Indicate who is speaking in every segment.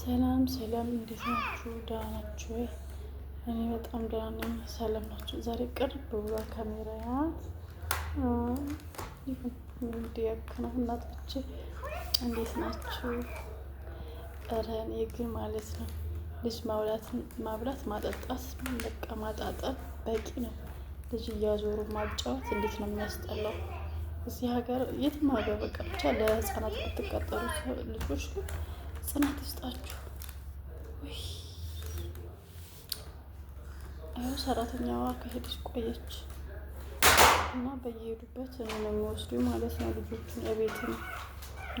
Speaker 1: ሰላም ሰላም፣ እንዴት ናችሁ? ደህና ናችሁ ወይ? እኔ በጣም ደህና ነኝ። ሰላም ናችሁ? ዛሬ ቅርብ ብላ ካሜራ ይሁን እናት እንዴት ናችሁ? ረን የግር ማለት ነው ልጅ ማብላት ማጠጣት በቃ ማጣጠብ በቂ ነው። ልጅ እያዞሩ ማጫወት እንዴት ነው የሚያስጠላው? እዚህ ሀገር የትም ሀገር በቃ ብቻ ለህፃናት ብትቀጠሉት ልጆች ጽናት ይስጣችሁ። ይኸው ሰራተኛዋ ከሄደች ቆየች እና በየሄዱበት ነው የሚወስዱ ማለት ነው። ልጆቹን የቤትን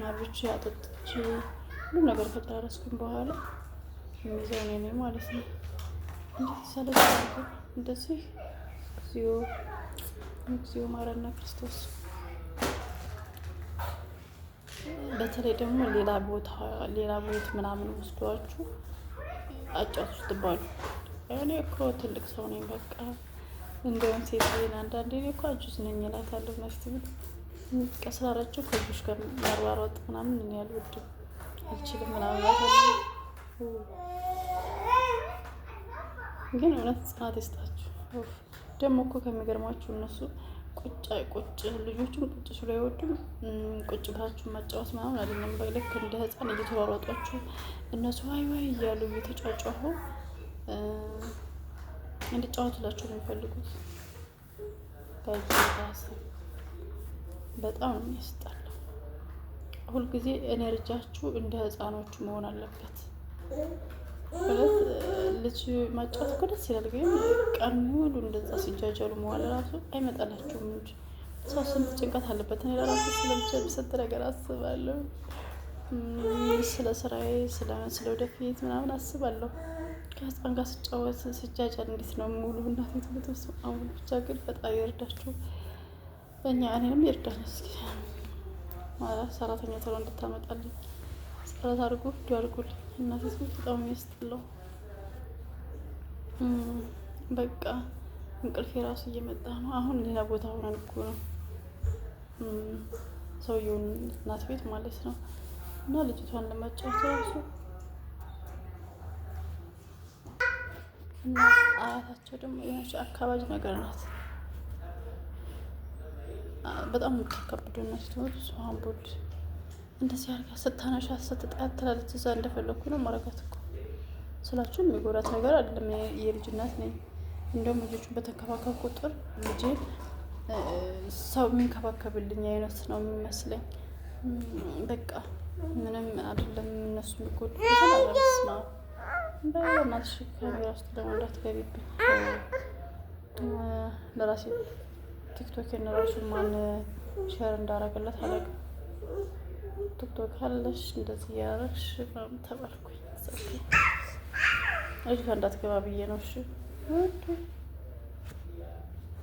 Speaker 1: ናብች ያጠጥች ሁሉ ነገር ከጨረስኩኝ በኋላ የሚይዘው እኔ ነኝ ማለት ነው። እንዴት ሰለች እንደዚህ እግዚኦ እግዚኦ ማረና ክርስቶስ በተለይ ደግሞ ሌላ ቦታ ሌላ ቤት ምናምን ወስዷችሁ አጫውቱባችሁ። እኔ እኮ ትልቅ ሰው ነኝ በቃ እንደውም ሴትዬን አንዳንዴ እኔ እኮ አጁዝ ነኝ እላታለሁ። ነፍስ ብል ቀስራራቸው ከጁስ ጋር ምናምን እኔ አልወድም አልችልም ምናምን ግን እውነት ጽናት ይስጣችሁ። ደግሞ እኮ ከሚገርማችሁ እነሱ ቁጭ ቁጭ ልጆችም ቁጭ ስሎ አይወዱም። ቁጭ ብላችሁ ማጫወት ምናምን አይደለም። በልክ እንደ ህፃን እየተሯሯጧችሁ እነሱ ዋይ ዋይ እያሉ እየተጫጫሁ እንዲጫወትላቸው ነው የሚፈልጉት። በራስ በጣም ነው የሚያስጠላው። ሁልጊዜ እኔ እንደ ህፃኖቹ መሆን አለበት። ልጅ ማጫወት እኮ ደስ ይላል፣ ግን ቀን ሙሉ እንደዛ ሲጃጃሉ መዋል ራሱ አይመጣላቸውም እንጂ ሰው ስንት ጭንቀት አለበት። እኔ ለራሱ ስለብቻ የሚሰጥ ነገር አስባለሁ፣ ስለ ስራዬ፣ ስለ ወደፊት ምናምን አስባለሁ። ከህፃን ጋር ስጫወት ስጃጃል እንዴት ነው ሙሉ እናት ቤት ውስጥ አሁን ብቻ ግን ፈጣሪ ይርዳችሁ፣ በእኛ እኔንም ይርዳኝ። እስኪ ሰራተኛ ተሎ እንድታመጣልኝ ጸሎት አድርጉ፣ እንዲ አድርጉልኝ። እና ፌስቡክ በጣም የሚያስጠላው በቃ እንቅልፌ ራሱ እየመጣ ነው። አሁን ሌላ ቦታ ሆነን እኮ ነው ሰውየውን እናት ቤት ማለት ነው። እና ልጅቷን ለመጫወት ራሱ እና አያታቸው ደግሞ የሆነች አካባቢ ነገር ናት። በጣም የምትከብዱ እናት ስትሆን እንደዚህ አርጋ ስታነሻ ስትጣት ትላለች። እዛ እንደፈለግኩ ነው ማረጋት እኮ ስላችሁ የሚጎዳት ነገር አይደለም። የልጅነት ነኝ። እንደውም ልጆቹን በተንከባከብ ቁጥር ልጅ ሰው የሚንከባከብልኝ አይነት ነው የሚመስለኝ። በቃ ምንም አይደለም። እነሱ የሚጎዱ ስማ በእናትሽ ካሜራ ውስጥ ደግሞ እንዳትገቢብኝ ለራሴ ቲክቶክ የነራሱ ማን ሼር እንዳረገለት አለግ ቲክቶክ አለሽ እንደዚህ ያረግሽ ምናምን ተባልኩኝ። እጅ እንዳትገባ ብዬ ነው። እሺ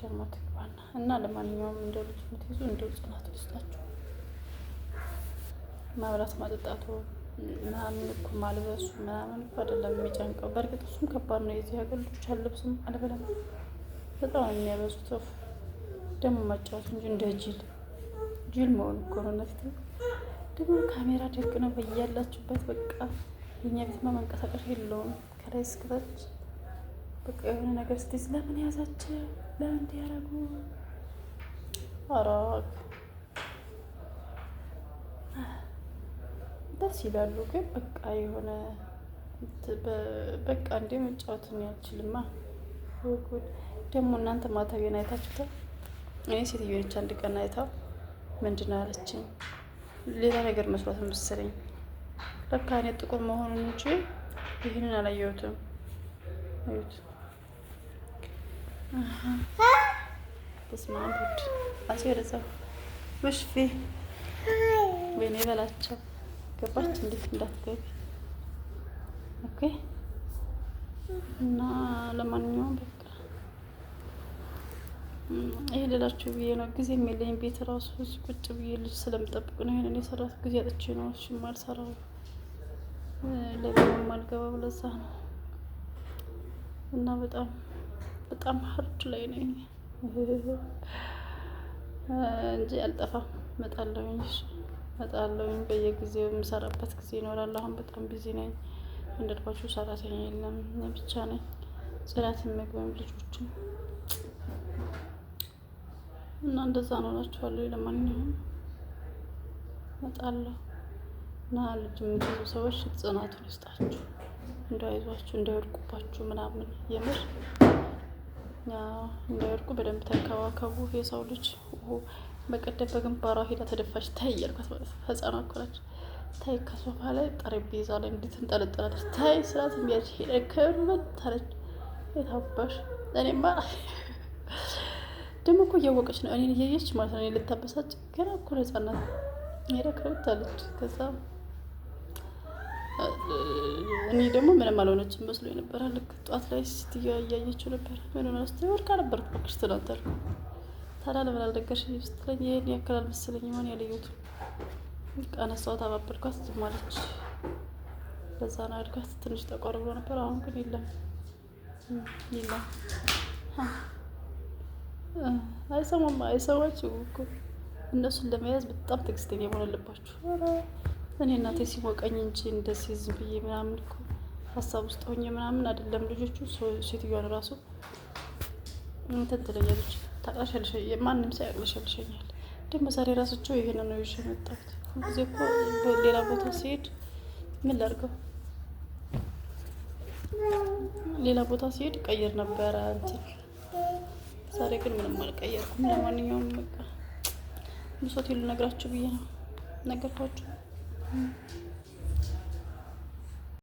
Speaker 1: ደግሞ ትግባና እና ለማንኛውም እንደ ልጅ ምትይዙ እንደው ጽናት ውስጣችሁ ማብላት ማጠጣቱ ምናምን እኮ ማልበሱ ምናምን እኮ አይደለም የሚጨንቀው። በእርግጥ እሱም ከባድ ነው። የዚህ ሀገር ልጆች አልብስም አልበለም በጣም የሚያበዙት ደግሞ መጫወት እንጂ እንደ ጅል ጅል መሆን እኮ ነው ነፍት ደግሞ ካሜራ ደግ ነው። በያላችሁበት በቃ የኛ ቤትማ መንቀሳቀስ የለውም። ከላይ እስከታች በቃ የሆነ ነገር ስትይ ለምን ያዛቸው ለምን እንዲያረጉ አራግ ደስ ይላሉ። ግን በቃ የሆነ በቃ እንዴ መጫወትን ያልችልማ ወጉድ ደግሞ እናንተ ማታቢያን አይታችሁታል። እኔ ሴትዮች አንድ ቀን አይታው ምንድን ነው ያለችኝ ሌላ ነገር መስሏት መሰለኝ። ለካ እኔ ጥቁር መሆኑን እንጂ ይህንን አላየሁትም። አዩት ቡድ አስገደጸው ውሽፌ ወይኔ በላቸው ገባች። እንዴት እንዳትገቢ ኦኬ። እና ለማንኛውም በቃ ይሄ ሌላችሁ ብዬ ነው ጊዜ የሚለኝ ቤት ራሱ ቁጭ ብዬ ልጅ ስለምጠብቅ ነው። ይሄንን የሰራት ጊዜ አጥቼ ነው እሱም አልሰራው ለቤም አልገባው ለዛ ነው እና በጣም በጣም ሀርድ ላይ ነኝ እንጂ አልጠፋም። እመጣለሁኝ እመጣለሁኝ በየጊዜው የምሰራበት ጊዜ ይኖራል። አሁን በጣም ቢዚ ነኝ እንደልባችሁ ሰራተኛ የለም ብቻ ነኝ ጽናትን መግቢያም ልጆችን እና እንደዛ ነው እላችኋለሁ። ለማንኛውም እመጣለሁ እና ልጅ የምትይዙ ሰዎች ጽናቱን ይስጣችሁ፣ እንዳይዟችሁ፣ እንዳይወድቁባችሁ ምናምን የምር እንዳይወድቁ በደንብ ተንከባከቡ። የሰው ልጅ በቀደም በግንባሯ ሄዳ ተደፋች ታይ እያልኳት ማለት ነው። ህፃኗ እኮ ናት። ታይ ከሶፋ ላይ ጠረጴዛ ላይ እንዴት እንጠለጠላለች ታይ ስራት የሚያጅ ሄደ ክምት አለች። የታባሽ እኔማ ደግሞ እኮ እያወቀች ነው እኔን እያየች ማለት ነው። ልታበሳጭ ገና እኮ ነጻናት ሄዳ ክረብት አለች ከዛ እኔ ደግሞ ምንም አልሆነችም መስሎ የነበረ ልክ ጠዋት ላይ ስትያ እያየችው ነበር። ምን ሆና ስትይ ወድቃ ነበር ፖክሽ ትናንተር ታዲያ ለምን አልነገርሽኝ ስትለኝ ይህን ያክል አልመሰለኝ ሆን ያለየቱ አነሳኋት፣ አባበልኳት፣ ዝም አለች። በዛ ነው አድጋት ትንሽ ጠቋር ብሎ ነበር። አሁን ግን የለም የለም አይሰማም አይሰማችሁም እኮ እነሱን ለመያዝ በጣም ትዕግስተኛ መሆን አለባችሁ። እኔ እናቴ ሲሞቀኝ እንጂ እንደዚህ ዝም ብዬ ምናምን እኮ ሀሳብ ውስጥ ሆኜ ምናምን አይደለም። ልጆቹ ሴትዮዋን ራሱ እንትን ትለኛለች። ታቅላሻለሽ፣ ማንም ሰው ያቅለሸልሸኛል። ደግሞ ዛሬ ራሳቸው ይሄን ነው ይዤ የመጣሁት። ጊዜ እኮ በሌላ ቦታ ሲሄድ ምን ላድርገው? ሌላ ቦታ ሲሄድ ቀይር ነበረ እንትን ዛሬ ግን ምንም አልቀየርኩም። ለማንኛውም በቃ ብሶት ይሉ ነግራችሁ ብዬ ነው ነገርኳችሁ።